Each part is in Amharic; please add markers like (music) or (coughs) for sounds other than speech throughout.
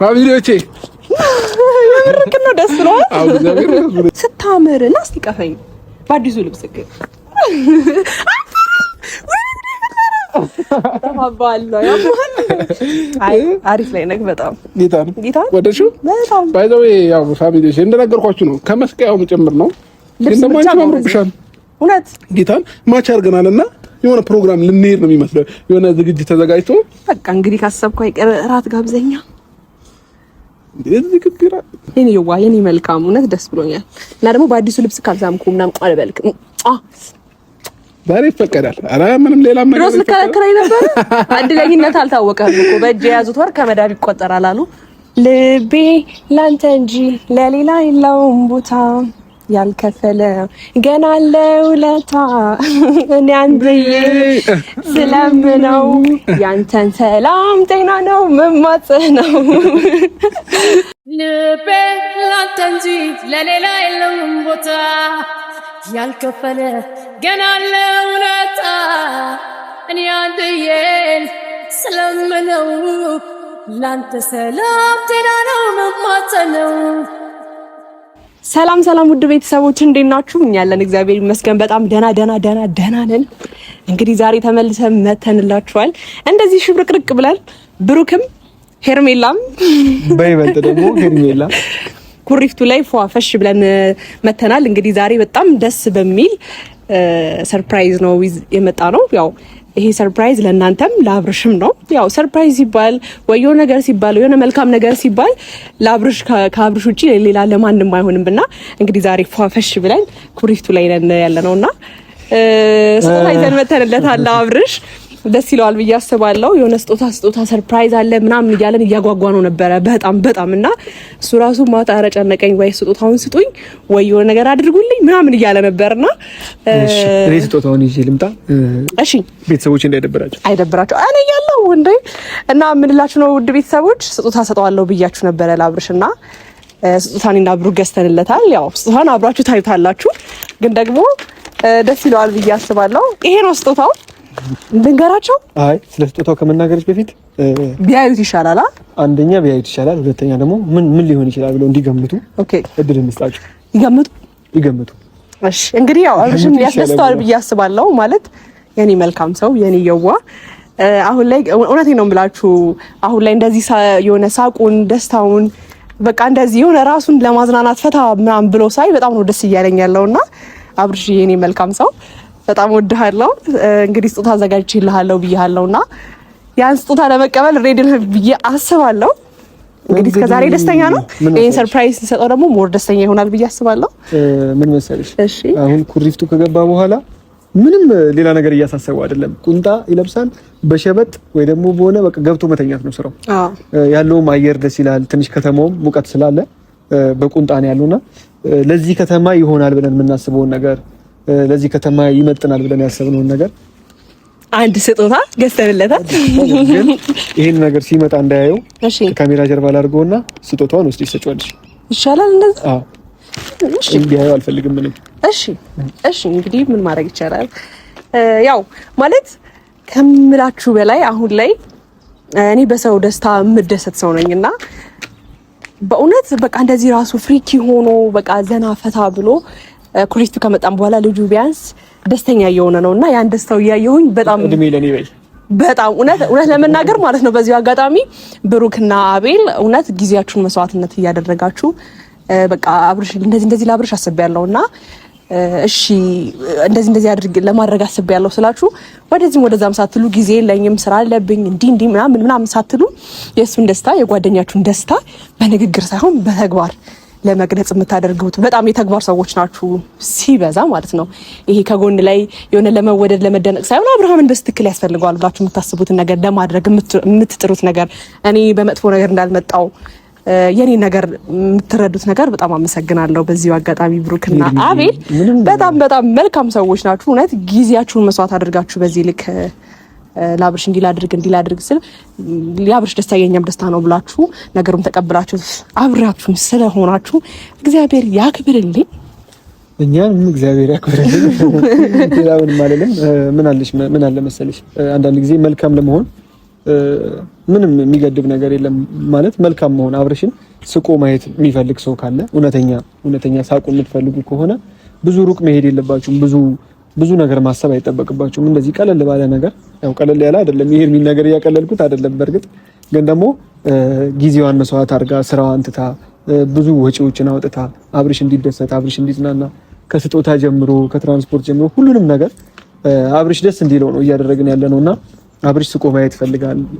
ፋሚሊዎቼ የምርክን ነው። ደስ ነው ስታምር እና ስቲቀፈኝ በአዲሱ ልብስ ግን ላይ ነህ። በጣም ጌታ እንደነገርኳችሁ ነው ከመስቀያውም ጭምር ነው። ግን ደግሞ አንቺ አምሮብሻል እውነት ጌታን ማች አድርገናል እና የሆነ ፕሮግራም ልንሄድ ነው የሚመስለው። የሆነ ዝግጅት ተዘጋጅቶ በቃ እንግዲህ ካሰብኩ አይቀር እራት ጋብዘኛ። እዚህ ግግራ የኔ የዋ የኔ መልካም እውነት ደስ ብሎኛል። እና ደግሞ በአዲሱ ልብስ ካልዛምኩ ምናምን አልበልክም። ዛሬ ይፈቀዳል። ኧረ ምንም ሌላ ነገር ድሮስ ልከለክለኝ ነበር። እድለኝነት አልታወቀም እኮ በእጅ የያዙት ወር ከመዳብ ይቆጠራል አሉ። ልቤ ላንተ እንጂ ለሌላ የለውም ቦታ ያልከፈለ ገና አለ ውለታ እኔ አንብዬ ስለምነው ያንተን ሰላም ጤና ነው መማጸነው ልቤ ላንተ እንጂ ለሌላ የለውም ቦታ ያልከፈለ ገና አለ ውለታ እኔ አንብዬ ስለምነው ላንተ ሰላም ጤና ነው ነው። ሰላም ሰላም ውድ ቤተሰቦች እንዴት ናችሁ? እኛ ያለን እግዚአብሔር ይመስገን በጣም ደና ደና ደና ደና ነን። እንግዲህ ዛሬ ተመልሰን መተንላችኋል እንደዚህ ሽብርቅርቅ ብለን ብሩክም ሄርሜላም በይበልጥ ደግሞ ሄርሜላ ኩሪፍቱ ላይ ፏፈሽ ብለን መተናል። እንግዲህ ዛሬ በጣም ደስ በሚል ሰርፕራይዝ ነው የመጣ ነው ያው ይሄ ሰርፕራይዝ ለእናንተም ለአብርሽም ነው። ያው ሰርፕራይዝ ሲባል ወይ የሆነ ነገር ሲባል የሆነ መልካም ነገር ሲባል ለአብርሽ ከአብርሽ ውጭ ሌላ ለማንም አይሆንም እና እንግዲህ ዛሬ ፏፈሽ ብለን ኩሪፍቱ ላይ ነን ያለ ነው እና ስጦታ ይዘን አብርሽ ደስ ይለዋል ብዬ አስባለሁ። የሆነ ስጦታ ስጦታ ሰርፕራይዝ አለ ምናምን እያለን እያጓጓ ነው ነበረ በጣም በጣም እና እሱ ራሱ ማታ ኧረ ጨነቀኝ፣ ወይ ስጦታውን ስጡኝ፣ ወይ የሆነ ነገር አድርጉልኝ ምናምን እያለ ነበርና እኔ ስጦታውን ይዤ ልምጣ። እሺ ቤተሰቦች እንዳይደብራቸው አይደብራቸው እኔ እያለሁ እንዴ። እና የምንላችሁ ነው ውድ ቤተሰቦች፣ ስጦታ ሰጠዋለሁ ብያችሁ ነበረ ላብርሽ እና ስጦታን እና ብሩ ገዝተንለታል። ያው ስጦታን አብራችሁ ታዩታላችሁ፣ ግን ደግሞ ደስ ይለዋል ብዬ አስባለሁ። ይሄ ነው ስጦታው። ልንገራቸው? አይ ስለ ስጦታው ከመናገርሽ በፊት ቢያዩት ይሻላል። አንደኛ ቢያዩት ይሻላል፣ ሁለተኛ ደግሞ ምን ምን ሊሆን ይችላል ብለው እንዲገምቱ እድል እንስጣቸው። ይገምቱ ይገምቱ። እሺ እንግዲህ ያው አብርሽም ያስደስተዋል ብዬ አስባለሁ። ማለት የኔ መልካም ሰው የኔ የዋ አሁን ላይ እውነቴን ነው የምላችሁ፣ አሁን ላይ እንደዚህ የሆነ ሳቁን ደስታውን በቃ እንደዚህ የሆነ ራሱን ለማዝናናት ፈታ ምናምን ብሎ ሳይ በጣም ነው ደስ እያለኝ ያለውና አብርሽ የኔ መልካም ሰው በጣም ወድሃለሁ። እንግዲህ ስጦታ አዘጋጅቼልሃለሁ ብያለሁ እና ያን ስጦታ ለመቀበል ሬዲ ነህ ብዬ አስባለሁ። እንግዲህ እስከዛሬ ደስተኛ ነው። ይህን ሰርፕራይዝ ሰጠው ደግሞ ሞር ደስተኛ ይሆናል ብዬ አስባለሁ። ምን መሰለሽ፣ አሁን ኩሪፍቱ ከገባ በኋላ ምንም ሌላ ነገር እያሳሰበው አይደለም። ቁንጣ ይለብሳል በሸበጥ ወይ ደግሞ በሆነ በቃ ገብቶ መተኛት ነው ስራው። ያለውም አየር ደስ ይላል። ትንሽ ከተማውም ሙቀት ስላለ በቁንጣ ነው ያለውና ለዚህ ከተማ ይሆናል ብለን የምናስበውን ነገር ለዚህ ከተማ ይመጥናል ብለን ያሰብነውን ነገር አንድ ስጦታ ገዝተንለታል። ይህን ነገር ሲመጣ እንዳያየው ከካሜራ ጀርባ ላድርገውና ስጦታውን ውስጥ ይሰጫለሽ ይሻላል። እንደዛ እንዲያዩ አልፈልግም። ምንም እሺ፣ እሺ። እንግዲህ ምን ማድረግ ይቻላል? ያው ማለት ከምላችሁ በላይ አሁን ላይ እኔ በሰው ደስታ የምደሰት ሰው ነኝ እና በእውነት በቃ እንደዚህ ራሱ ፍሪኪ ሆኖ በቃ ዘና ፈታ ብሎ ኩሪፍቱ ከመጣም በኋላ ልጁ ቢያንስ ደስተኛ እየሆነ ነው እና ያን ደስታው እያየሁኝ በጣም እድሜ ለኔ በይ በጣም እውነት እውነት ለመናገር ማለት ነው። በዚሁ አጋጣሚ ብሩክና አቤል እውነት ጊዜያችሁን መስዋዕትነት እያደረጋችሁ በቃ አብርሽ እንደዚህ እንደዚህ ለአብርሽ አስቤያለሁ እና እሺ እንደዚህ እንደዚህ አድርግ ለማድረግ አስቤያለሁ ስላችሁ ወደዚህም ወደዛም ሳትሉ ጊዜ የለኝም ስራ አለብኝ እንዲህ እንዲህ ምናምን ምናምን ሳትሉ የእሱን ደስታ የጓደኛችሁን ደስታ በንግግር ሳይሆን በተግባር ለመግለጽ የምታደርጉት በጣም የተግባር ሰዎች ናችሁ ሲበዛ ማለት ነው። ይሄ ከጎን ላይ የሆነ ለመወደድ ለመደነቅ ሳይሆን አብርሃምን በስትክክል ያስፈልገዋል ብላችሁ የምታስቡትን ነገር ለማድረግ የምትጥሩት ነገር እኔ በመጥፎ ነገር እንዳልመጣው የኔ ነገር የምትረዱት ነገር በጣም አመሰግናለሁ። በዚሁ አጋጣሚ ብሩክና አቤል በጣም በጣም መልካም ሰዎች ናችሁ። እውነት ጊዜያችሁን መስዋዕት አድርጋችሁ በዚህ ልክ ለአብርሽ እንዲህ ላድርግ እንዲህ ላድርግ ስል የአብርሽ ደስታ የኛም ደስታ ነው ብላችሁ ነገሩን ተቀብላችሁ አብራችሁ ስለሆናችሁ እግዚአብሔር ያክብርልኝ። እኛም እግዚአብሔር ያክብርልኝ። ሌላ ምንም አልልም። ምን አለሽ ምን አለ መሰለሽ አንዳንድ ጊዜ መልካም ለመሆን ምንም የሚገድብ ነገር የለም። ማለት መልካም መሆን አብርሽን ስቆ ማየት የሚፈልግ ሰው ካለ እውነተኛ እውነተኛ ሳቁ የምትፈልጉ ከሆነ ብዙ ሩቅ መሄድ የለባችሁም ብዙ ብዙ ነገር ማሰብ አይጠበቅባችሁም። እንደዚህ ቀለል ባለ ነገር ያው ቀለል ያለ አይደለም ይሄ የሚል ነገር እያቀለልኩት አይደለም። በእርግጥ ግን ደግሞ ጊዜዋን መስዋዕት አድርጋ ስራዋን ትታ ብዙ ወጪዎችን አውጥታ አብርሽ እንዲደሰት አብርሽ እንዲዝናና ከስጦታ ጀምሮ ከትራንስፖርት ጀምሮ ሁሉንም ነገር አብርሽ ደስ እንዲለው ነው እያደረግን ያለ ነው እና አብርሽ ስቆ ማየት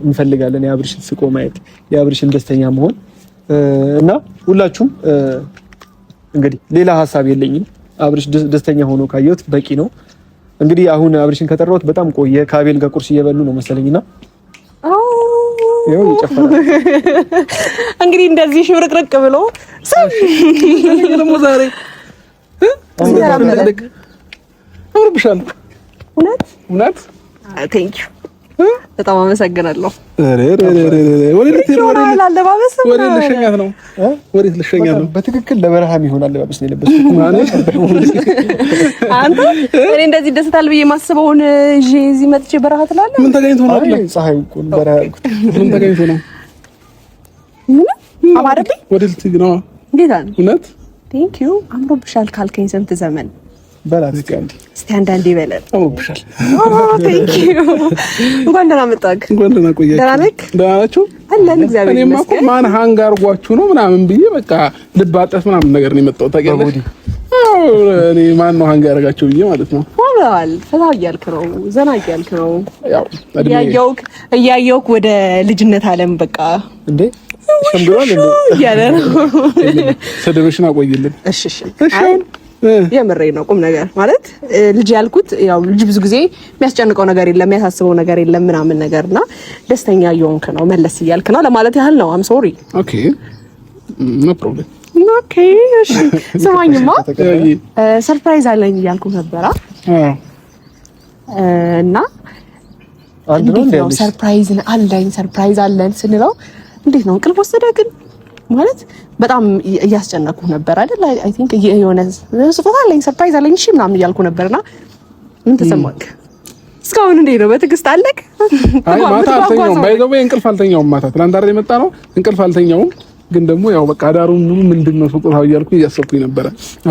እንፈልጋለን። የአብርሽን ስቆ ማየት የአብርሽን ደስተኛ መሆን እና ሁላችሁም እንግዲህ ሌላ ሀሳብ የለኝም። አብርሽ ደስተኛ ሆኖ ካየሁት በቂ ነው። እንግዲህ አሁን አብሪሽን ከጠራሁት በጣም ቆየ። ከአቤል ጋር ቁርስ እየበሉ ነው መሰለኝና (laughs) እንግዲህ እንደዚህ ሽብርቅርቅ ብሎ ደግሞ በጣም አመሰግናለሁ። ወዴት ልሸኛት ነው? ወዴት ልሸኛት ነው? በትክክል ለበረሃም ይሆን አለባበስ ነው የለበስኩት። አንተ እኔ እንደዚህ ደስታል ብዬ ማስበውን ይዤ እዚህ መጥቼ በረሃ ትላለህ። ምን ተገኝቶ ነው? ፀሐይ በረሃ ምን ተገኝቶ ነው? አማረብኝ። ወዴት ልትሄጂ ነው? እንዴት አለ እውነት? ቴንኪው አምሮብሻል ካልከኝ ስንት ዘመን ማን ሀንግ አድርጓችሁ ነው ምናምን ብዬ በቃ ልብ አጠፍ ምናምን ነገር ነው የመጣሁት። ታውቂያለሽ? እኔ ማን ነው ሀንግ ያደርጋቸው ብዬ ማለት ነው። ዋላል ፈታ እያልክ ነው፣ ዘና እያልክ ነው። ያው እያየሁህ ወደ ልጅነት አለም በቃ እንዴ ሸምብሏል እያለ ነው። ስድብሽን አቆይልን። እሺ እሺ የምሬ ነው። ቁም ነገር ማለት ልጅ ያልኩት ያው ልጅ ብዙ ጊዜ የሚያስጨንቀው ነገር የለም የሚያሳስበው ነገር የለም ምናምን ነገርና ደስተኛ እየሆንክ ነው መለስ እያልክ ነው ለማለት ያህል ነው። አም ሶሪ። ኦኬ ኖ ፕሮብሌም። ኦኬ እሺ፣ ስማኝማ ሰርፕራይዝ አለኝ እያልኩ ነበራ እና እንዴት ነው ሰርፕራይዝ አለኝ ሰርፕራይዝ አለን ስንለው እንዴት ነው እንቅልፍ ወሰደ ግን ማለት በጣም እያስጨነቅኩ ነበር አይደል? አይ ቲንክ የሆነ ስጦታ አለኝ ሰርፕራይዝ አለኝ እሺ ምናምን እያልኩ ነበርና ምን ተሰማክ? እስካሁን እንዴት ነው? በትዕግስት አለክ? አይ ማታ አልተኛውም። ባይ ዘ ወይ እንቅልፍ አልተኛውም። ማታ ትናንት አይደል የመጣ ነው እንቅልፍ አልተኛውም። ግን ደግሞ ያው በቃ አዳሩ ምንድን ነው ስጦታ እያልኩ እያሰብኩኝ ነበረ።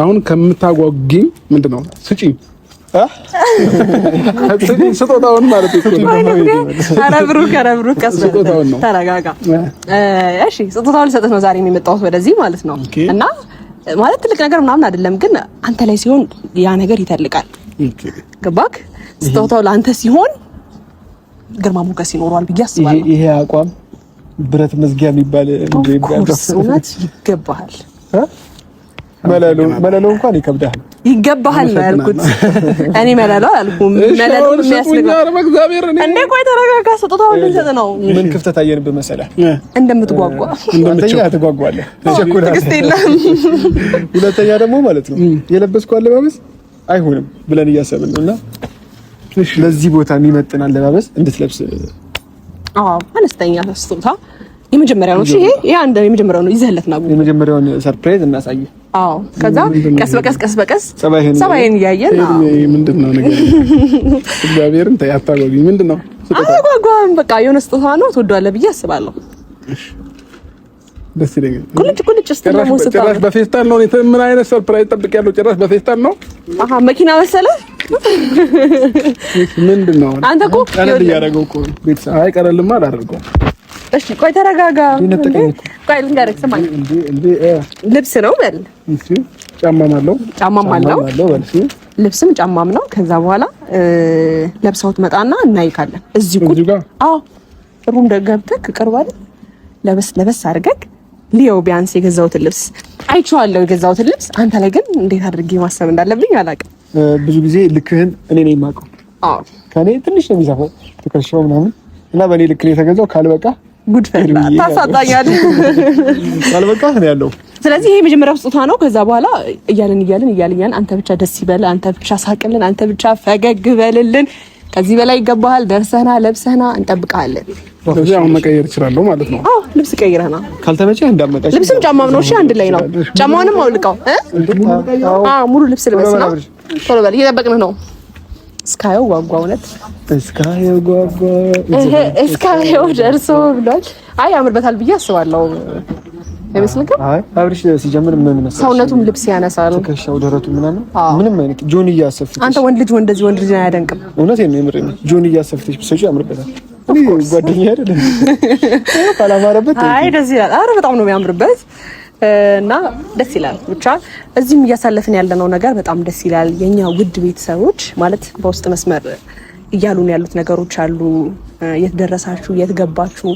አሁን ከምታጓጉኝ ምንድን ነው ስጪኝ ስጦታውን ማለት ነው። ተረጋጋ። እሺ፣ ስጦታውን ልሰጥህ ነው ዛሬ የሚመጣሁት ወደዚህ ማለት ነው። እና ማለት ትልቅ ነገር ምናምን አይደለም፣ ግን አንተ ላይ ሲሆን ያ ነገር ይተልቃል። ገባክ? ስጦታው ለአንተ ሲሆን ግርማ ሞገስ ይኖረዋል ብዬ አስባለሁ። ይሄ አቋም ብረት መዝጊያ የሚባል ይገባሃል መለሎ እንኳን ይከብዳል። ይገባሃል ነው ያልኩት። እኔ መለሎ አላልኩም። መለሎ ነው። ምን ክፍተት አየንብህ መሰለህ? እንደምትጓጓ ትጓጓለህ፣ (laughs) ሁለተኛ ደግሞ ማለት ነው የለበስከው አለባበስ አይሆንም ብለን እያሰብን ለዚህ ቦታ የሚመጥን አለባበስ እንድትለብስ። አነስተኛ ስጦታ ነው ይሄ። የመጀመሪያው ነው። ይዘህለት ና የመጀመሪያውን ሰርፕራይዝ እናሳየህ አዎ ከዛ ቀስ በቀስ ቀስ በቀስ ጸባይን እያየን ምንድነው ነገር እግዚአብሔርን ታያታጓጉ ምንድነው አጓጓን በቃ የሆነ ስጦታ ነው ትወዷለ ብዬ አስባለሁ። ደስ ይለኛል። ቁልጭ ቁልጭ ስትለሙ ስታ ጭራሽ በፌስታል ነው። ምን አይነት ሰርፕራይዝ ጠብቂያለሁ? ጭራሽ በፌስታል ነው። አሃ መኪና መሰለ ምንድነው አንተ እኮ ቀለል እያደረገው እኮ ቤተሰብ አይ ቀለልማ አላደርገውም እሺ ቆይ ተረጋጋ። ቆይ ልንገርህ፣ ስማኝ። ልብስ ነው በል፣ እሺ ጫማም አለው ጫማም አለው በል። እሺ ልብስም ጫማም ነው። ከዛ በኋላ ለብሰውት መጣና እናይካለን። እዚህ ቁጭ አዎ፣ ጥሩም ገብተህ ቅርብ አይደል? ለበስ ለበስ አድርገህ ሊየው ቢያንስ የገዛሁትን ልብስ አይቼዋለሁ። የገዛሁትን ልብስ አንተ ላይ ግን እንዴት አድርጌ ማሰብ እንዳለብኝ አላውቅም። ብዙ ጊዜ ልክህን እኔ ነኝ የማውቀው። አዎ ከኔ ትንሽ ነው የሚዛፈው ትከሻው ምናምን እና በእኔ ልክ ነው የተገዛው ካልበቃ ጉድፈላ ታሳጣኛለህ። ካልበቃህ ነው ያለው። ስለዚህ ይሄ የመጀመሪያ ስጦታ ነው። ከዛ በኋላ እያልን እያልን እያልን አንተ ብቻ ደስ ይበል፣ አንተ ብቻ ሳቅልን፣ አንተ ብቻ ፈገግ በልልን፣ ከዚህ በላይ ይገባሃል፣ ደርሰህና ለብሰህና እንጠብቃለን። ስለዚህ አሁን መቀየር እችላለሁ ማለት ነው። አዎ ልብስ ቀይረህና ካልተመቸህ እንዳመጣች ልብስም ጫማም ነው። እሺ አንድ ላይ ነው። ጫማውንም አውልቀው። አዎ ሙሉ ልብስ ልበስ ነው። ቶሎ በል እየጠበቅንህ ነው። እስካየው ጓጓ እውነት እስካየው ጓጓ እስካየው ደርሶ ብሏል። አይ ያምርበታል ብዬ አስባለሁ። አይመስልክም? አብርሽ ሲጀምር ምን መሰለሽ ሰውነቱም ልብስ ያነሳል፣ ትከሻው፣ ደረቱ ምናምን ምንም አይነት ጆን እያሰፍተሽ አንተ ወንድ ልጅ ወንድ እንደዚህ ወንድ ልጅ አያደንቅም። እውነቴን ነው የምሬን ነው። ጆን እያሰፍተሽ ብትሰጪው ያምርበታል። እኔ ጓደኛዬ አይደለም (laughs) አላማረበት። አይ ደስ ይላል። አረ በጣም ነው የሚያምርበት እና ደስ ይላል። ብቻ እዚህም እያሳለፍን ያለነው ነገር በጣም ደስ ይላል። የኛ ውድ ቤተሰቦች ማለት በውስጥ መስመር እያሉን ያሉት ነገሮች አሉ። የት ደረሳችሁ? የት ገባችሁ?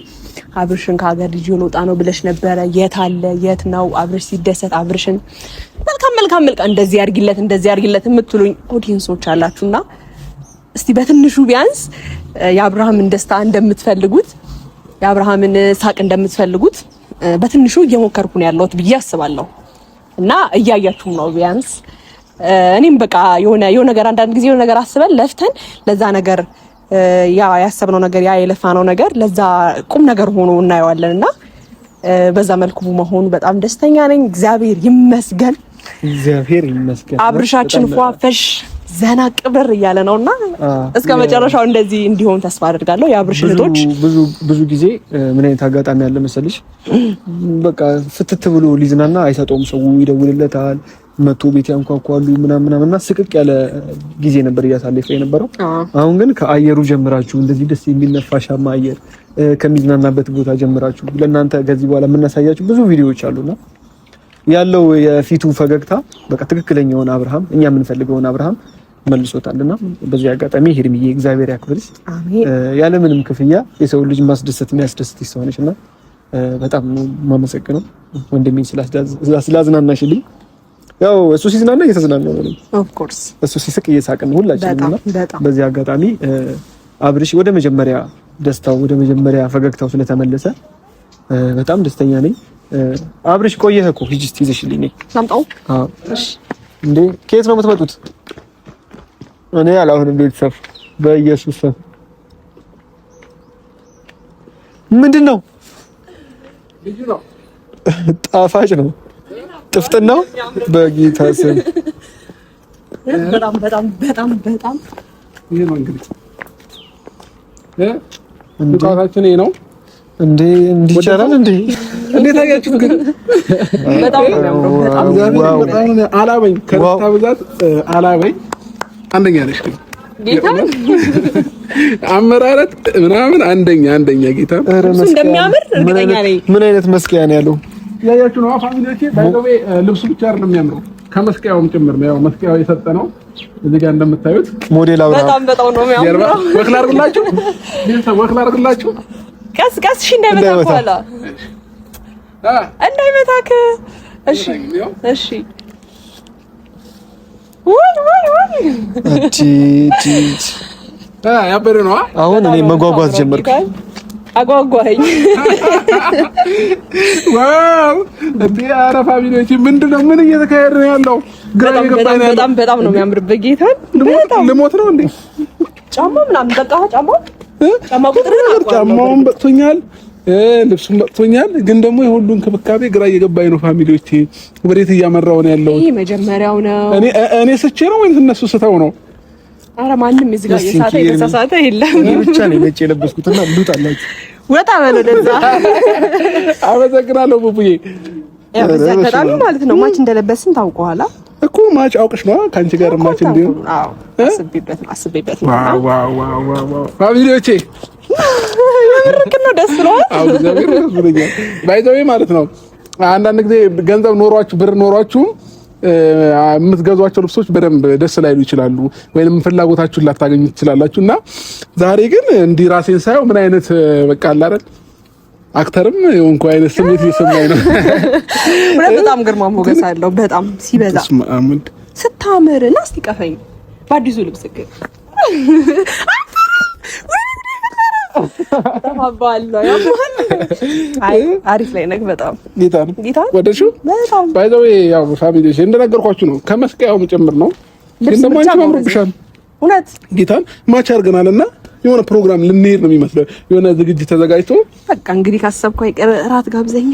አብርሽን ከሀገር ልጅ ልወጣ ነው ብለሽ ነበረ። የት አለ? የት ነው አብርሽ? ሲደሰት አብርሽን መልካም መልካም መልካ እንደዚህ አድርጊለት፣ እንደዚህ አድርጊለት የምትሉኝ ኦዲየንሶች እና እስቲ በትንሹ ቢያንስ የአብርሃምን ደስታ እንደምትፈልጉት የአብርሃምን ሳቅ እንደምትፈልጉት በትንሹ እየሞከርኩ ነው ያለሁት ብዬ አስባለሁ። እና እያያችሁም ነው ቢያንስ እኔም በቃ የሆነ የሆነ ነገር አንዳንድ ጊዜ የሆነ ነገር አስበን ለፍተን ለዛ ነገር ያ ያሰብነው ነገር ያ የለፋነው ነገር ለዛ ቁም ነገር ሆኖ እናየዋለን እና በዛ መልኩ መሆኑ በጣም ደስተኛ ነኝ። እግዚአብሔር ይመስገን፣ እግዚአብሔር ይመስገን። አብርሻችን ፏፈሽ ዘና ቅብር እያለ ነው እና እስከ መጨረሻው እንደዚህ እንዲሆን ተስፋ አድርጋለሁ። የአብርሽ እህቶች ብዙ ጊዜ ምን አይነት አጋጣሚ ያለ መሰልሽ፣ በቃ ፍትት ብሎ ሊዝናና አይሰጠውም። ሰው ይደውልለታል፣ መቶ ቤት ያንኳኳሉ ምናምን ምናምን እና ስቅቅ ያለ ጊዜ ነበር እያሳለፈ የነበረው። አሁን ግን ከአየሩ ጀምራችሁ እንደዚህ ደስ የሚል ነፋሻማ አየር ከሚዝናናበት ቦታ ጀምራችሁ ለእናንተ ከዚህ በኋላ የምናሳያችሁ ብዙ ቪዲዮዎች አሉና ያለው የፊቱ ፈገግታ በቃ ትክክለኛውን አብርሃም እኛ የምንፈልገውን አብርሃም መልሶታል እና በዚህ አጋጣሚ ሄርሚዬ እግዚአብሔር ያክብርሽ። ያለምንም ክፍያ የሰው ልጅ ማስደሰት የሚያስደስት ሰሆነች እና በጣም ማመሰግነው ወንድሜ ስላዝናናሽልኝ። ያው እሱ ሲዝናና እየተዝናና ነው፣ እሱ ሲስቅ እየሳቅን ሁላችንም። በዚህ አጋጣሚ አብርሽ ወደ መጀመሪያ ደስታው ወደ መጀመሪያ ፈገግታው ስለተመለሰ በጣም ደስተኛ ነኝ። አብርሽ ቆየህ እኮ ሂጂ እስኪ ይዘሽልኝ ነይ። እሺ። እንዴ ከየት ነው የምትመጡት? እኔ አላሁን ቤተሰብ በኢየሱስ ምንድን ነው ጣፋጭ ነው ጥፍጥናው በጌታ ስም በጣም በጣም በጣም ይሄ ነው እንግዲህ እ ነው እንዴ እንዴ በጣም በጣም አላበኝ አላበኝ አንደኛ ነሽ ግን ጌታ አመራረት ምናምን አንደኛ አንደኛ ጌታ ምን አይነት መስቀያ ነው ያለው? ያያችሁ ነው ፋሚሊዎቼ። ታይዶቤ ልብሱ ብቻ አይደለም የሚያምረው ከመስቀያውም ጭምር ነው። ያው መስቀያው የሰጠ ነው። እዚህ ጋር እንደምታዩት ሞዴል አውራ በጣም በጣም ነው የሚያምረው። ወክላ አድርግላችሁ ቤተሰብ ወክላ አድርግላችሁ። ቀስ ቀስ እሺ፣ እንዳይመታክ በኋላ እንዳይመታክ። እሺ እሺ ያበረ ነዋ። አሁን እኔ መጓጓዝ ጀመርኩ። አጓጓኝ ዋው! እንዴ ኧረ ፋሚሊዎች ምንድን ነው? ምን እየተካሄደ ነው ያለው? ግራ እየገባኝ በጣም በጣም ነው የሚያምርበት። ጌታን ልሞት ነው እንዴ! ጫማ ምናምን በቃ ጫማ ጫማ ቁጥር ጫማውን በቅቶኛል። ልብሱን መጥቶኛል። ግን ደግሞ የሁሉ እንክብካቤ ግራ እየገባኝ ነው። ፋሚሊዎች ወዴት እያመራው ነው ያለው? ይሄ መጀመሪያው ነው። እኔ እኔ ስቼ ነው ወይስ እነሱ ስተው ነው? ኧረ ማንም እዚህ ጋር የሳተ የተሳሳተ የለም። እኔ ብቻ ነኝ ነጭ የለበስኩትና ልውጥ ወጣ በለው ደዛ። አመሰግናለሁ ቡቡዬ። ማለት ነው ማች እንደለበስን ታውቀዋላ እኮ ማች አውቅሽ ነው ከአንቺ ጋር ማች እንዲሁ አስቤበት ነው አስቤበት ነው። ፋሚሊዎቼ ባይዘዌ ማለት ነው። አንዳንድ ጊዜ ገንዘብ ኖሯችሁ ብር ኖሯችሁም የምትገዟቸው ልብሶች በደንብ ደስ ላይሉ ይችላሉ፣ ወይም ፍላጎታችሁን ላታገኙ ትችላላችሁ። እና ዛሬ ግን እንዲህ ራሴን ሳየው ምን አይነት በቃ አለ አይደል አክተርም የሆንኩ አይነት ስሜት እየሰማኝ ነው። በጣም ግርማ ሞገስ አለው። በጣም ሲበዛ ስታምር እና ስቲቀፈኝ በአዲሱ ልብስ አሪፍ ላይ ነህ። በጣም ጌታ ነው እንደነገርኳችሁ ነው ከመስቀያውም ጭምር ነው። ግን ደግሞ አንቺ አምሮብሻል። እውነት ጌታን ማች የሆነ ፕሮግራም ልንሄድ ነው የሚመስለው። የሆነ ዝግጅት ተዘጋጅቶ በቃ እንግዲህ ካሰብኩ አይቀር እራት ጋብዘኛ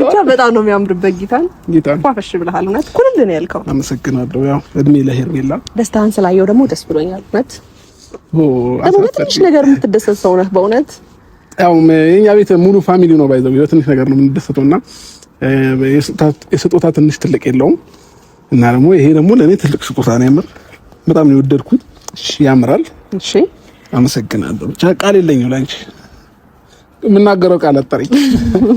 ብቻ በጣም ነው የሚያምርበት። ጌታን ጌታን ፏፈሽ ብለሃል። እውነት ኩልል ነው ያልከው። አመሰግናለሁ። ያው እድሜ ለሄርሜላ ደስታህን ስላየው ደግሞ ደስ ብሎኛል። እውነት ደግሞ በትንሽ ነገር የምትደሰት ሰው ነህ በእውነት ያው የኛ ቤት ሙሉ ፋሚሊ ነው ባይዘው በትንሽ ነገር ነው የምንደሰተው እና የስጦታ ትንሽ ትልቅ የለውም እና ደግሞ ይሄ ደግሞ ለእኔ ትልቅ ስጦታ ነው። ያምር በጣም ነው የወደድኩት። እሺ ያምራል። እሺ አመሰግናለሁ። ብቻ ቃል የለኝም ለአንቺ የምናገረው ቃል አጠረኝ።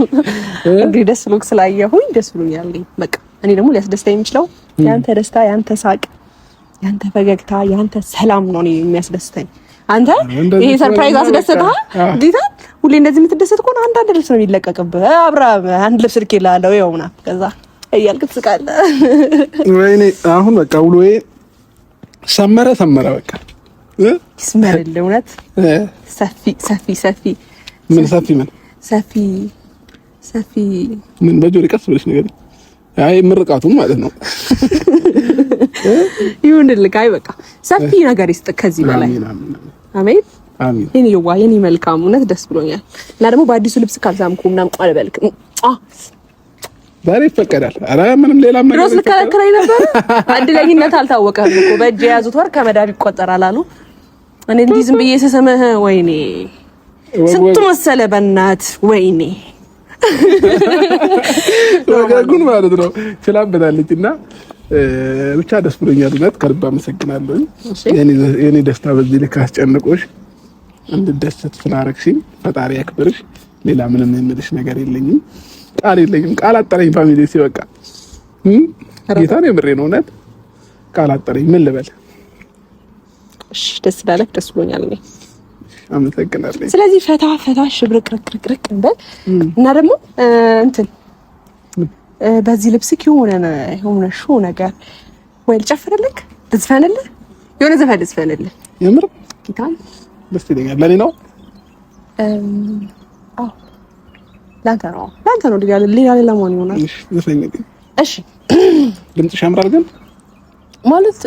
(laughs) እንግዲህ ደስ ብሎክ ስላየሁኝ ደስ ብሎኛል። በቃ እኔ ደግሞ ሊያስደስታ የሚችለው ያንተ ደስታ፣ ያንተ ሳቅ፣ ያንተ ፈገግታ፣ ያንተ ሰላም ነው እኔ የሚያስደስተኝ። አንተ ይሄ ሰርፕራይዝ አስደስተሃ ዲታ ሁሌ እንደዚህ የምትደሰት ከሆነ አንድ ልብስ ነው የሚለቀቅብህ። አብርሃም አንድ ልብስ ልክ ይላለው ይውና ከዛ እያልክ ትስቃለህ። ወይኔ አሁን በቃ ውሎዬ ሰመረ ሰመረ በቃ ይስመርልህ። እውነት ሰፊ ሰፊ ሰፊ ምን ሰፊ ምን ሰፊ ሰፊ ምን በጆሮ ቀስ ብለሽ ነገር አይ ምርቃቱም ማለት ነው ይሁንልህ። አይ በቃ ሰፊ ነገር ይስጥ ከዚህ በላይ አሜን አሜን። የዋ የኔ መልካም እውነት ደስ ብሎኛል። እና ደግሞ በአዲሱ ልብስ ካልሳምኩ ምናምን አልበልክ ዛሬ ይፈቀዳል። አረ ምንም ሌላም ነገር ልከለክለኝ ነበር። እድለኝነት አልታወቀህም እኮ በእጅ የያዙት ወር ከመዳብ ይቆጠራል አሉ። እኔ እንዲህ ዝም ብዬ ስስምህ ወይኔ ስንቱ መሰለ በእናት ወይኔ ወጋጉን ማለት ነው ችላበታለች እና ብቻ ደስ ብሎኛል። እውነት ከልብ አመሰግናለሁ። የኔ ደስታ በዚህ ልክ አስጨንቆሽ እንድደሰት ስላረግሽኝ ፈጣሪ ያክብርሽ። ሌላ ምንም የምልሽ ነገር የለኝም፣ ቃል የለኝም። ቃል አጠረኝ ፋሚሊ ሲበቃ ጌታ ነው የምሬን እውነት ቃል አጠረኝ። ምን ልበል? እሺ ደስ ላለህ ደስ ብሎኛል። እኔ አመሰግናለሁ። ስለዚህ ፈታ ፈታ ሽብርቅርቅርቅርቅ እንበል እና ደግሞ እንትን በዚህ ልብስ የሆነ የሆነ ሾ ነገር ወይ ልጨፍርልህ፣ ልዝፈንልህ፣ የሆነ ዘፈን ልዝፈንልህ። የምር ጌታን ደስ ይለኛል። ለኔ ነው? አዎ ላንተ ነው፣ ላንተ ነው። ሌላ ሌላ ማን ይሆናል? እሺ ድምፅሽ ያምራል ግን ማለት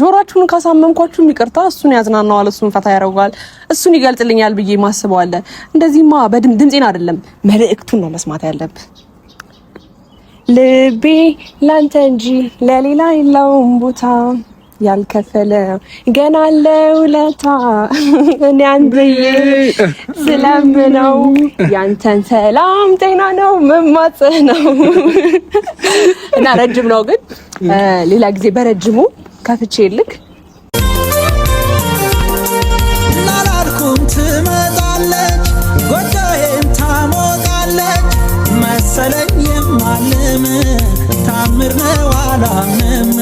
ጆሮአችሁን ካሳመምኳችሁ ይቅርታ፣ እሱን ያዝናናዋል፣ እሱን ፈታ ያደርገዋል፣ እሱን ይገልጥልኛል ብዬ ማስበዋለ። እንደዚህማ በድም ድምፄን አይደለም መልእክቱን ነው መስማት ያለብ ልቤ ላንተ እንጂ ለሌላ የለውም ቦታ ያልከፈለ ገና አለ ውለታ እኔ አንድዬ ስለምነው ያንተን ሰላም ጤና ነው ነው እና ረጅም ነው ግን ሌላ ጊዜ በረጅሙ ከፍቼ ልክ ላላልኩም ትመጣለች ጎዳዬን ታሞቃለች መሰለኝ የማልም ታምር ነው አላምም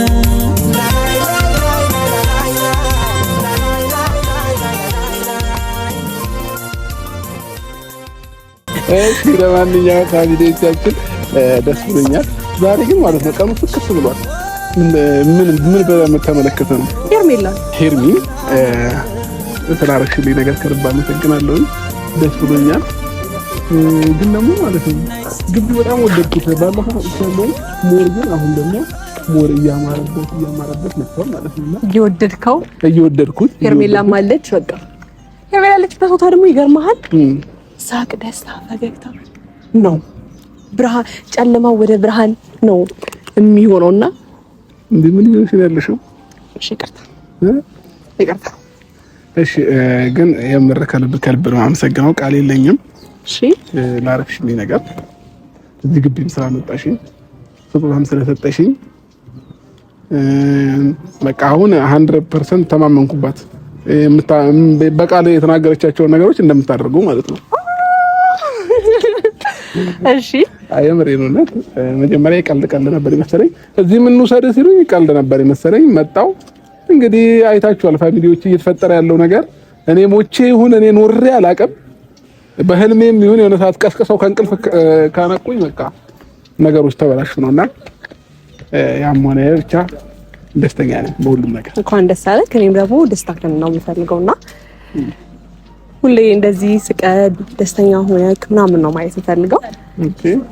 እሺ ለማንኛውም ፋሚሊዎቻችን ደስ ብሎኛል። ዛሬ ግን ማለት ነው ቀኑ ፍክስ ብሏል። ምን ምን በተመለከተ ነው ሄርሜላ ሄርሚ ስላረግሽልኝ ነገር ከልብ አመሰግናለሁ። ደስ ብሎኛል። ግን ደግሞ ማለት ነው ግቢ በጣም ወደድኩት ባለፈው ያለው ሞር ግን አሁን ደግሞ ሞር እያማረበት እያማረበት መጥቷል ማለት ነው። እየወደድከው እየወደድኩት ሄርሜላ ማለች በቃ ሄርሜላ ያለችበት በሶታ ደግሞ ይገርመሃል ሳቅ፣ ደስታ፣ ፈገግታ ነው። ብርሃን ጨለማው ወደ ብርሃን ነው የሚሆነውና እንዴ ምን ይሆን ያለሽው? እሺ ይቅርታ ይቅርታ። እሺ ግን የምር ከልብ ከልብ ነው አመሰግነው፣ ቃል የለኝም። እሺ ምን ነገር እዚህ ግቢም ስላመጣሽኝ ስጦታም ስለሰጠሽኝ በቃ አሁን 100% ተማመንኩባት። በቃል የተናገረቻቸውን ነገሮች እንደምታደርገው ማለት ነው። እሺ የምሬን እውነት መጀመሪያ ቀልድ ቀልድ ነበር የመሰለኝ። እዚህ ምን ውሰድ ሲሉኝ ቀልድ ነበር የመሰለኝ። መጣው እንግዲህ አይታችኋል፣ ፋሚሊዎች እየተፈጠረ ያለው ነገር። እኔ ሞቼ ይሁን እኔ ኖሬ አላቅም። በህልሜም ይሁን የሆነ ሰዓት ቀስቅሰው ከእንቅልፍ ካነቁኝ በቃ ነገሮች ተበላሹ ነውና ያም ሆነ ብቻ ደስተኛ ነኝ በሁሉም ነገር። እንኳን ደስ አለህ። እኔም ደግሞ ደስታ ነው የምፈልገውና ሁሌ እንደዚህ ስቀድ ደስተኛ ሆነክ ምናምን ነው ማየት እንፈልገው።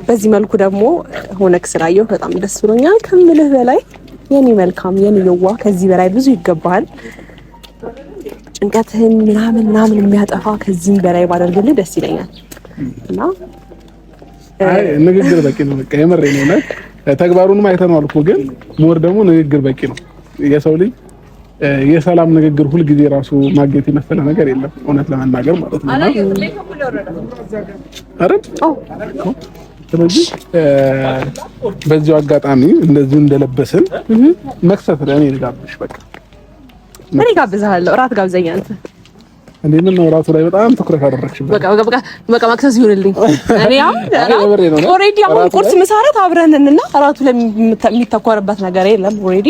በዚህ መልኩ ደግሞ ሆነክ ስላየሁ በጣም ደስ ብሎኛል ከምልህ በላይ። የኔ መልካም የኔ የዋ ከዚህ በላይ ብዙ ይገባሃል። ጭንቀትህን ምናምን ምናምን የሚያጠፋ ከዚህም በላይ ባደርግልህ ደስ ይለኛል። እና ንግግር በቂ ነው። በቃ የምሬን ነው። ተግባሩንም አይተነዋል እኮ ግን ሞር ደግሞ ንግግር በቂ ነው የሰው ልጅ የሰላም ንግግር ሁልጊዜ ራሱ ማግኘት የመሰለ ነገር የለም፣ እውነት ለመናገር ማለት ነው። ስለዚህ በዚሁ አጋጣሚ እንደዚሁ እንደለበስን መክሰት ለእኔ ልጋብሽ። በቃ ምን ጋብዝሃለሁ፣ እራት ጋብዘኛ አንተ። እንዴ ምን ነው እራቱ ላይ በጣም ትኩረት አደረግሽበት። በቃ በቃ በቃ መክሰስ ይሁንልኝ። እኔ አሁን ኦልሬዲ አሁን ቁርስ መሰረት እራት እና እራቱ ላይ የሚተኮርበት ነገር የለም። ኦልሬዲ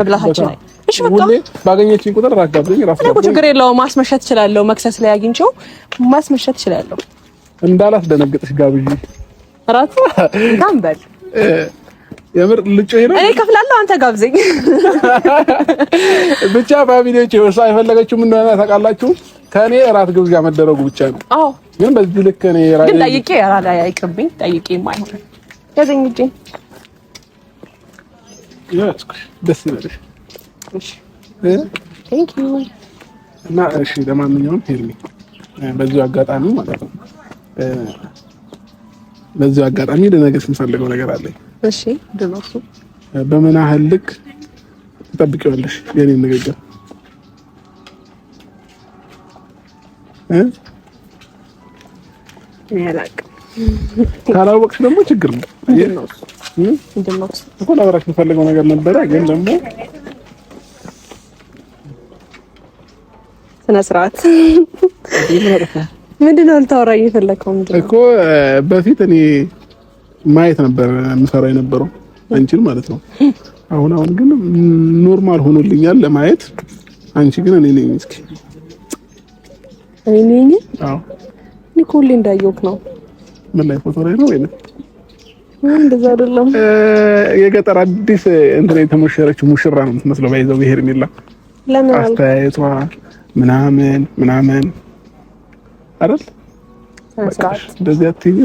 መብላታችን ላይ ትችላለሽ። በቃ ባገኘችኝ ቁጥር ራጋብኝ ነው። ችግር የለውም። ማስመሸት እችላለሁ። መክሰስ ላይ አግኝቼው ማስመሸት እችላለሁ። እንዳላት ጋብዥ ራሱ ጋምበል የምር ልጮ ነው። እኔ ከፍላለሁ፣ አንተ ጋብዘኝ (laughs) ብቻ። ፋሚሊዎች የፈለገችው ምን እንደሆነ ታውቃላችሁ? ከእኔ እራት ግብዣ መደረጉ ብቻ ነው። አዎ፣ ግን በዚህ ልክ እኔ ራይ ግን ጠይቄ ራዳ አይቅብኝ ጠይቄ ማለት ያዘኝ እጄ ደስ ይበልሽ። እና እሺ፣ ለማንኛውም ሄርሚ በዚሁ አጋጣሚ ማለት ነው በዚሁ አጋጣሚ ልነግርሽ የምፈልገው ነገር አለኝ። እሺ፣ ድረሱ። በምን ያህል ልክ ትጠብቂዋለሽ የኔ ንግግር? ካላወቅሽ ደግሞ ችግር ነው እኮ ላወራሽ የምፈልገው ነገር ነበረ ግን ደግሞ ስነ ስርዓት ምንድን ነው ልታወራኝ የፈለከው? ምንድን እኮ በፊት እኔ ማየት ነበር የምፈራ የነበረው አንቺን ማለት ነው። አሁን አሁን ግን ኖርማል ሆኖልኛል ለማየት። አንቺ ግን እኔ ነኝ። እስኪ እኔ ነኝ። አዎ እኔ እኮ ሁሌ እንዳየሁት ነው። ምን ላይ ፎቶ ላይ ነው ወይ? እንደዛ አይደለም። የገጠር አዲስ እንትን የተሞሸረችው ሙሽራ ነው የምትመስለው። ባይዘው ብሄር የሚላ ለምን አስተያየቷ ምናምን ምናምን አይደል? እንደዚህ አትይኝ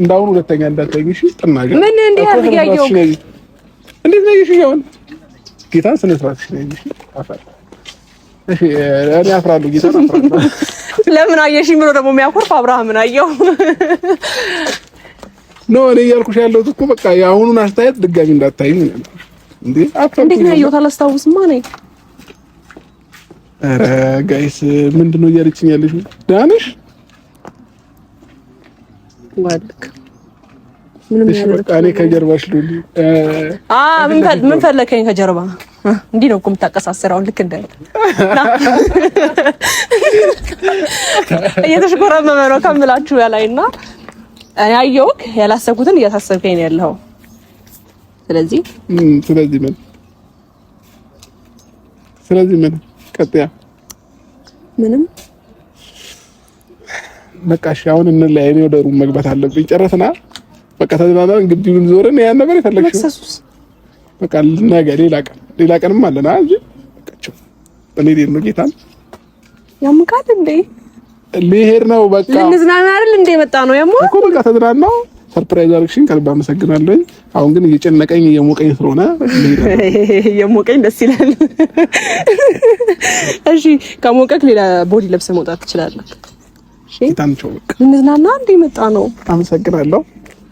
እንዳሁን ሁለተኛ እንዳታይኝ። እሺ ምን እንዲህ አትያየው። እንዴት ነው ይሽው? አሁን ጌታን ስነ ስርዓት ስለዚህ አፈር እኔ አፍራለሁ። ጌታን አፍራለሁ። ለምን አየሽኝ ብሎ ደግሞ የሚያኮርፍ አብርሃምን አየው። ነው እኔ እያልኩሽ ያለሁት እኮ በቃ የአሁኑን አስተያየት ድጋሚ እንዳታይኝ ነው ያልኩሽ። እንዴት ነው ያየሁት? አላስታውስማ ነኝ። ኧረ ጋይስ ምንድን ነው እያለችኝ ያለሽ? ደህና ነሽ? እኔ ከጀርባሽ ምን ፈለከኝ? ከጀርባ እንዲህ ነው እኮ የምታቀሳስረው። ልክ እንደ (laughs) እየተሽኮረመመ ነው ከምላችሁ በላይ እና እኔ አየሁክ፣ ያላሰብኩትን እያሳሰብከኝ ነው ያለኸው ስለዚህ ስለዚህ ምን ስለዚህ ምን ቀጥያ ምንም በቃ እሺ፣ አሁን እንለያይ። እኔ ወደ ሩም መግባት አለብኝ። ጨረስና በቃ ተዝናናን፣ ግቢውን ዞርን። ያን ነበር የፈለግሽው። በቃ ነገ ሌላ ቀን ሌላ ቀንም አለና እንጂ በቃቸው። እኔ ልሄድ ነው። ጌታን ያምካት እንዴ? ልሄድ ነው። በቃ ልንዝናና አይደል እንዴ? መጣ ነው ያሞ እኮ በቃ ተዝናናው ሰርፕራይዝ አድርግሽኝ። ከልብ አመሰግናለሁ። አሁን ግን እየጨነቀኝ እየሞቀኝ ስለሆነ (laughs) እየሞቀኝ ደስ ይላል። እሺ፣ ከሞቀክ ሌላ ቦዲ ለብሰ መውጣት ትችላለህ። እሺ፣ እንዝናና። አንዴ መጣ ነው። አመሰግናለሁ።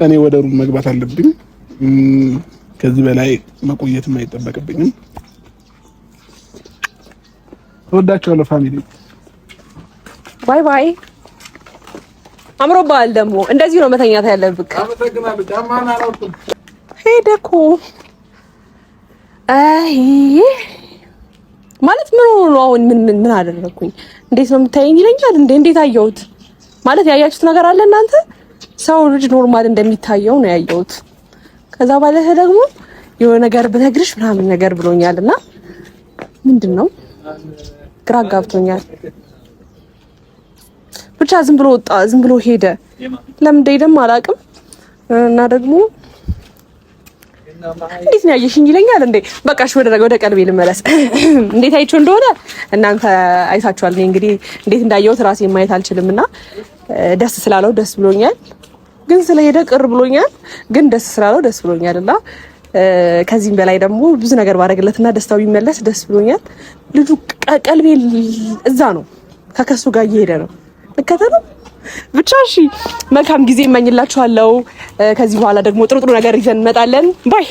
እኔ ወደ ሩም መግባት አለብኝ። ከዚህ በላይ መቆየትም አይጠበቅብኝም። እወዳቸዋለሁ ፋሚሊ። ባይ ባይ። አምሮብሃል ደግሞ እንደዚህ ነው መተኛት ያለብህ። ሄደ እኮ አይ ማለት ምን ሆኖ ነው አሁን? ምን ምን አደረኩኝ? እንዴት ነው የምታየኝ ይለኛል። እንዴ እንዴት አየሁት ማለት ያያችሁት ነገር አለ እናንተ። ሰው ልጅ ኖርማል እንደሚታየው ነው ያየሁት። ከዛ ባለፈ ደግሞ የሆነ ነገር ብነግርሽ ምናምን ነገር ብሎኛል እና ምንድን ነው ግራ ጋብቶኛል ብቻ ዝም ብሎ ወጣ፣ ዝም ብሎ ሄደ። ለምን እንደሄደም አላውቅም። እና ደግሞ እንዴት ነው ያየሽኝ ይለኛል እንዴ። በቃ እሺ፣ ወደ ወደ ቀልቤ ልመለስ። (coughs) እንዴት አይቼው እንደሆነ እናንተ አይታችኋል። እኔ እንግዲህ እንዴት እንዳየሁት ራሴን ማየት አልችልም። እና ደስ ስላለው ደስ ብሎኛል፣ ግን ስለሄደ ቅር ብሎኛል፣ ግን ደስ ስላለው ደስ ብሎኛል እና ከዚህም በላይ ደግሞ ብዙ ነገር ባደረግለትና ደስታው ቢመለስ ደስ ብሎኛል። ልጁ ቀልቤ እዛ ነው፣ ከከሱ ጋር እየሄደ ነው። ከተሉ ብቻ እሺ፣ መልካም ጊዜ እመኝላችኋለሁ። ከዚህ በኋላ ደግሞ ጥሩ ጥሩ ነገር ይዘን እንመጣለን ባይ